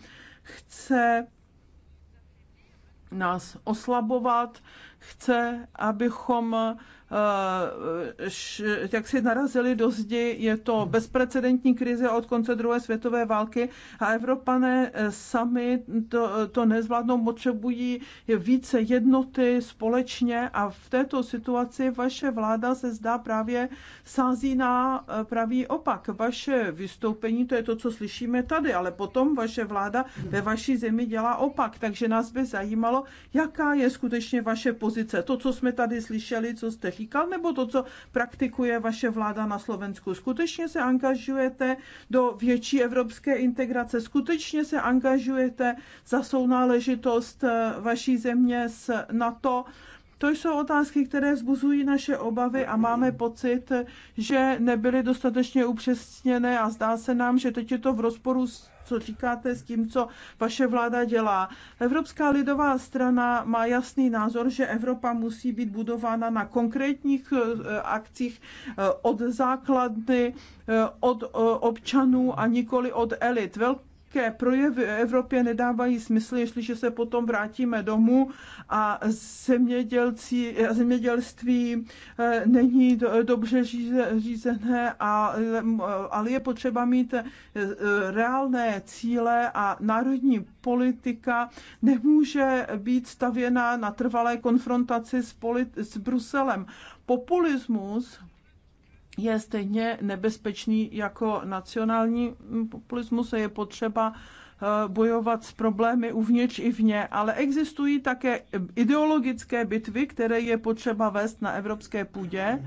chce nás oslabovat, chce, abychom Eh, jak si narazili do zdi. Je to bezprecedentní krize od konce druhé světové války a Evropané eh, sami to, to nezvládnou, potřebují více jednoty společně a v této situaci vaše vláda se zdá právě sází na eh, pravý opak. Vaše vystoupení, to je to, co slyšíme tady, ale potom vaše vláda ve vaší zemi dělá opak, takže nás by zajímalo, jaká je skutečně vaše pozice. To, co jsme tady slyšeli, co jste říkali, říkal, nebo to, co praktikuje vaše vláda na Slovensku? Skutečně se angažujete do větší evropské integrace? Skutečně se angažujete za sounáležitost eh, vaší země s NATO? To jsou otázky, které vzbuzují naše obavy a máme pocit, že nebyly dostatečně upřesněné a zdá se nám, že teď je to v rozporu s co říkáte, s tím, co vaše vláda dělá. Evropská lidová strana má jasný názor, že Evropa musí být budována na konkrétních eh, akcích eh, od základny, eh, od občanů a nikoli od elit. Velký politické projevy Evropě nedávají smysl, jestliže se potom vrátíme domů a zemědělci, zemědělství eh, není dobře řízené, ale je potřeba mít eh, reálné cíle a národní politika nemůže být stavěna na trvalé konfrontaci s, polit- s Bruselem. Populismus je stejně nebezpečný jako nacionální populismus a je potřeba eh, bojovat s problémy uvnitř i vně, ale existují také ideologické bitvy, které je potřeba vést na evropské půdě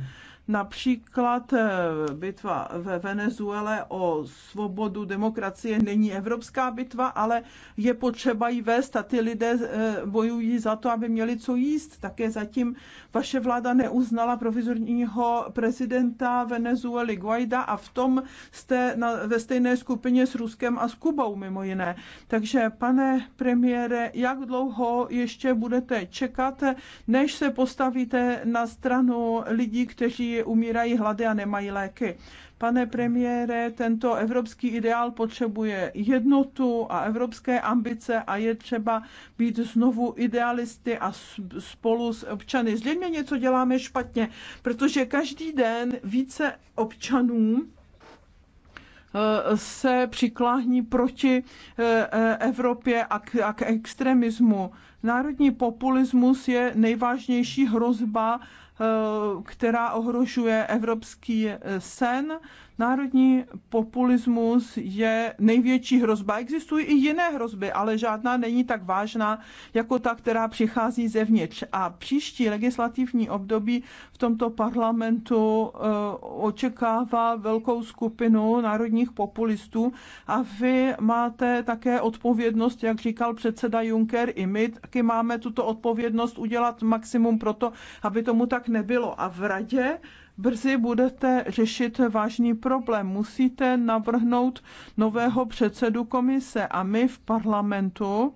Například eh, bitva ve Venezuele o svobodu demokracie není evropská bitva, ale je potřeba ji vést a ty lidé eh, bojují za to, aby měli co jíst. Také zatím vaše vláda neuznala provizorního prezidenta Venezuely Guaida a v tom jste na, ve stejné skupině s Ruskem a s Kubou mimo jiné. Takže pane premiére, jak dlouho ještě budete čekat, než se postavíte na stranu lidí, kteří lidi umírají hlady a nemají léky. Pane premiére, tento evropský ideál potřebuje jednotu a evropské ambice a je třeba být znovu idealisty a spolu s občany. Zřejmě něco děláme špatně, protože každý den více občanů eh, se přiklání proti eh, Evropě a k, a k extremismu. Národní populismus je nejvážnější hrozba Eh, která ohrožuje evropský sen. Národní populismus je největší hrozba. Existují i jiné hrozby, ale žádná není tak vážná jako ta, která přichází zevnitř. A příští legislativní období v tomto parlamentu eh, očekává velkou skupinu národních populistů a vy máte také odpovědnost, jak říkal předseda Juncker i my, taky máme tuto odpovědnost udělat maximum pro to, aby tomu tak nebylo. A v radě brzy budete řešit vážný problém. Musíte navrhnout nového předsedu komise a my v parlamentu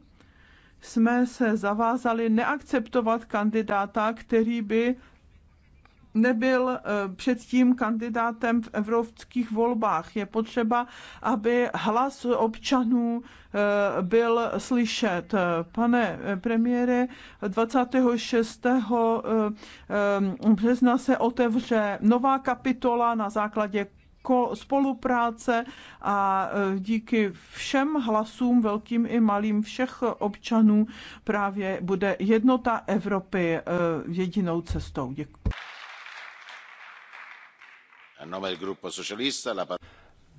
jsme se zavázali neakceptovat kandidáta, který by nebyl eh, předtím kandidátem v evropských volbách. Je potřeba, aby hlas občanů eh, byl slyšet. Pane eh, premiére, 26. března se otevře nová kapitola na základě spolupráce a díky všem hlasům, velkým i malým, všech občanů právě bude jednota Evropy jedinou cestou. Děkuji.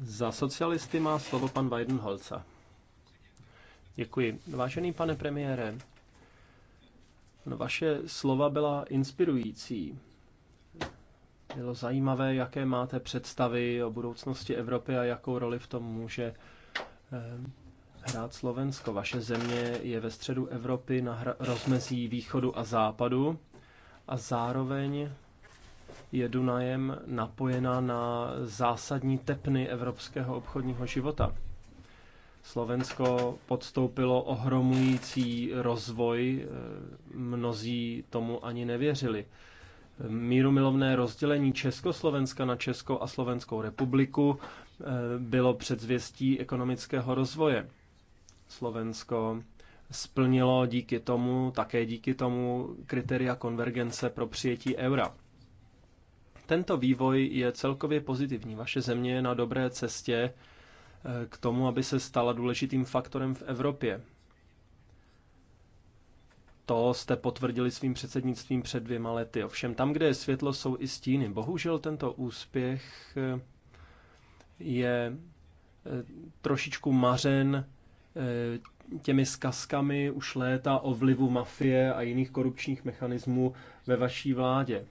Za socialisty má slovo pan Weidenholzer. Děkuji. Vážený pane premiére, no, vaše slova byla inspirující. Bylo zajímavé, jaké máte představy o budoucnosti Evropy a jakou roli v tom může eh, hrát Slovensko. Vaše země je ve středu Evropy na rozmezí východu a západu a zároveň je Dunajem napojena na zásadní tepny evropského obchodního života. Slovensko podstoupilo ohromující rozvoj, e, mnozí tomu ani nevěřili. Mírumilovné rozdělení Československa na Českou a Slovenskou republiku e, bylo předzvěstí ekonomického rozvoje. Slovensko splnilo díky tomu, také díky tomu, kritéria konvergence pro přijetí eura. Tento vývoj je celkově pozitivní. Vaše země je na dobré cestě eh, k tomu, aby se stala důležitým faktorem v Evropě. To jste potvrdili svým předsednictvím před dvěma lety. Ovšem tam, kde je světlo, jsou i stíny. Bohužel tento úspěch eh, je eh, trošičku mařen těmi skaskami už léta o vlivu mafie a jiných korupčních mechanismů ve vaší vládě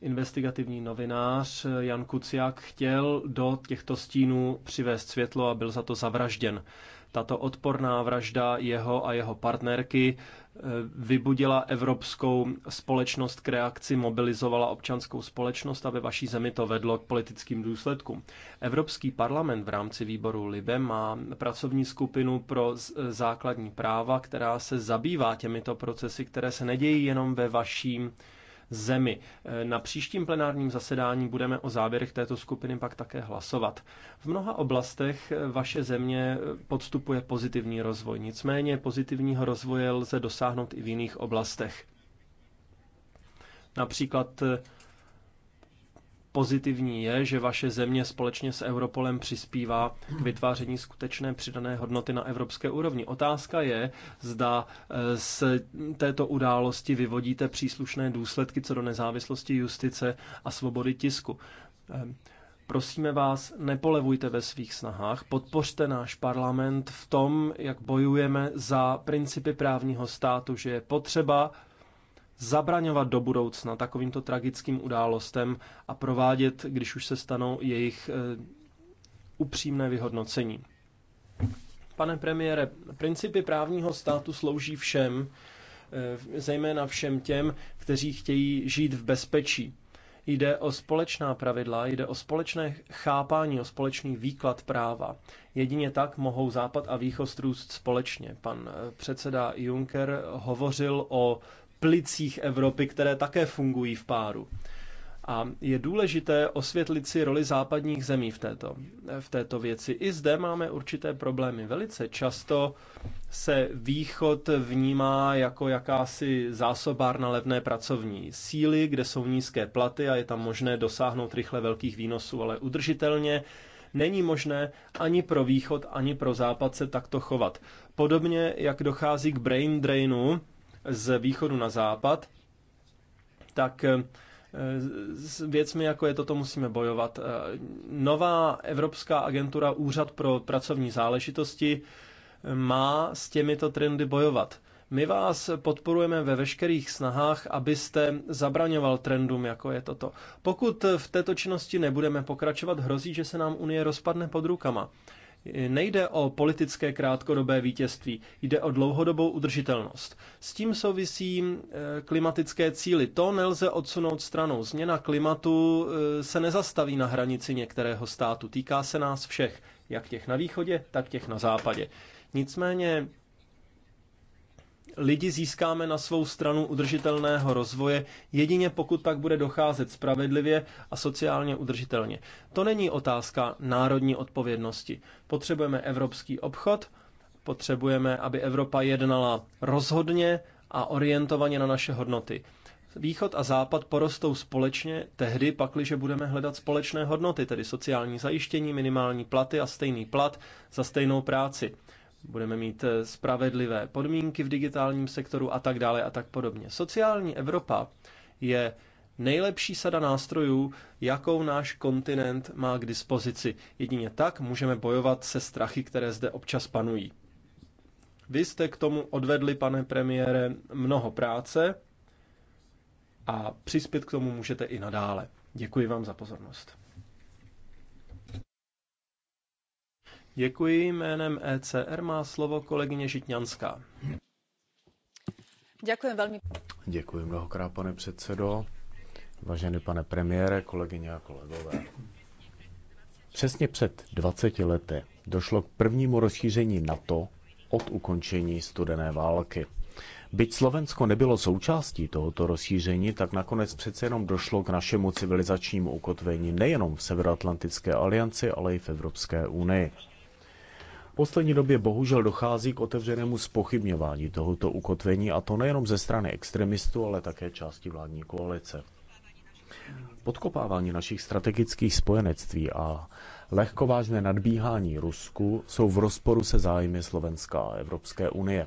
investigativní novinář Jan Kuciak chtěl do těchto stínů přivést světlo a byl za to zavražděn. Tato odporná vražda jeho a jeho partnerky eh, vybudila evropskou společnost k reakci, mobilizovala občanskou společnost a ve vaší zemi to vedlo k politickým důsledkům. Evropský parlament v rámci výboru LIBE má pracovní skupinu pro eh, základní práva, která se zabývá těmito procesy, které se nedějí jenom ve vaší zemi. E, na příštím plenárním zasedání budeme o závěrech této skupiny pak také hlasovat. V mnoha oblastech e, vaše země e, podstupuje pozitivní rozvoj, nicméně pozitivního rozvoje lze dosáhnout i v jiných oblastech. Například Pozitivní je, že vaše země společně s Europolem přispívá k vytváření skutečné přidané hodnoty na evropské úrovni. Otázka je, zda eh, z této události vyvodíte příslušné důsledky co do nezávislosti justice a svobody tisku. Ehm, prosíme vás, nepolevujte ve svých snahách, podpořte náš parlament v tom, jak bojujeme za principy právního státu, že je potřeba zabraňovat do budoucna takovýmto tragickým událostem a provádět, když už se stanou, jejich eh, upřímné vyhodnocení. Pane premiére, principy právního státu slouží všem, eh, zejména všem těm, kteří chtějí žít v bezpečí. Jde o společná pravidla, jde o společné chápání, o společný výklad práva. Jedině tak mohou Západ a Východ růst společně. Pan eh, předseda Juncker hovořil o plicích Evropy, které také fungují v páru. A je důležité osvětlit si roli západních zemí v této, v této věci. I zde máme určité problémy. Velice často se východ vnímá jako jakási zásobárna levné pracovní síly, kde jsou nízké platy a je tam možné dosáhnout rychle velkých výnosů, ale udržitelně není možné ani pro východ, ani pro západ se takto chovat. Podobně jak dochází k brain drainu, z východu na západ, tak eh, s věcmi, jako je toto, musíme bojovat. Eh, nová Evropská agentura Úřad pro pracovní záležitosti má s těmito trendy bojovat. My vás podporujeme ve veškerých snahách, abyste zabraňoval trendům, jako je toto. Pokud v této činnosti nebudeme pokračovat, hrozí, že se nám Unie rozpadne pod rukama. Nejde o politické krátkodobé vítězství, jde o dlouhodobou udržitelnost. S tím souvisí e, klimatické cíly. To nelze odsunout stranou. Změna klimatu e, se nezastaví na hranici některého státu. Týká se nás všech, jak těch na východě, tak těch na západě. Nicméně lidi získáme na svou stranu udržitelného rozvoje, jedině pokud tak bude docházet spravedlivě a sociálně udržitelně. To není otázka národní odpovědnosti. Potřebujeme evropský obchod, potřebujeme, aby Evropa jednala rozhodně a orientovaně na naše hodnoty. Východ a západ porostou společně tehdy, pakliže budeme hledat společné hodnoty, tedy sociální zajištění, minimální platy a stejný plat za stejnou práci budeme mít eh, spravedlivé podmínky v digitálním sektoru a tak dále a tak podobně. Sociální Evropa je nejlepší sada nástrojů, jakou náš kontinent má k dispozici. Jedině tak můžeme bojovat se strachy, které zde občas panují. Vy jste k tomu odvedli, pane premiére, mnoho práce a přispět k tomu můžete i nadále. Děkuji vám za pozornost. Děkuji jménem ECR. Má slovo kolegyně Žitňanská. Děkuji velmi. Děkuji mnohokrát, pane předsedo. Vážený pane premiére, kolegyně a kolegové. Přesně před 20 lety došlo k prvnímu rozšíření NATO od ukončení studené války. Byť Slovensko nebylo součástí tohoto rozšíření, tak nakonec přece jenom došlo k našemu civilizačnímu ukotvení nejenom v Severoatlantické alianci, ale i v Evropské unii poslední době bohužel dochází k otevřenému spochybňování tohoto ukotvení, a to nejenom ze strany extremistů, ale také části vládní koalice. Podkopávání našich strategických spojenectví a lehkovážné nadbíhání Rusku jsou v rozporu se zájmy Slovenska a Evropské unie.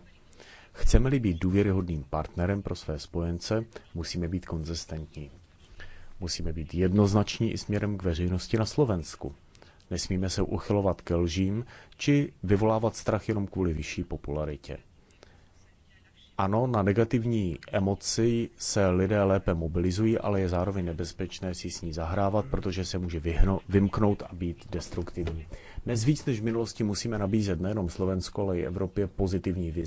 Chceme-li být důvěryhodným partnerem pro své spojence, musíme být konzistentní. Musíme být jednoznační i směrem k veřejnosti na Slovensku. Nesmíme se uchylovat ke lžím či vyvolávat strach jenom kvůli vyšší popularitě. Ano, na negativní emoci se lidé lépe mobilizují, ale je zároveň nebezpečné si s ní zahrávat, protože se může vyhno, vymknout a být destruktivní. Dnes víc než v minulosti musíme nabízet nejenom Slovensko, ale i Evropě pozitivní vizi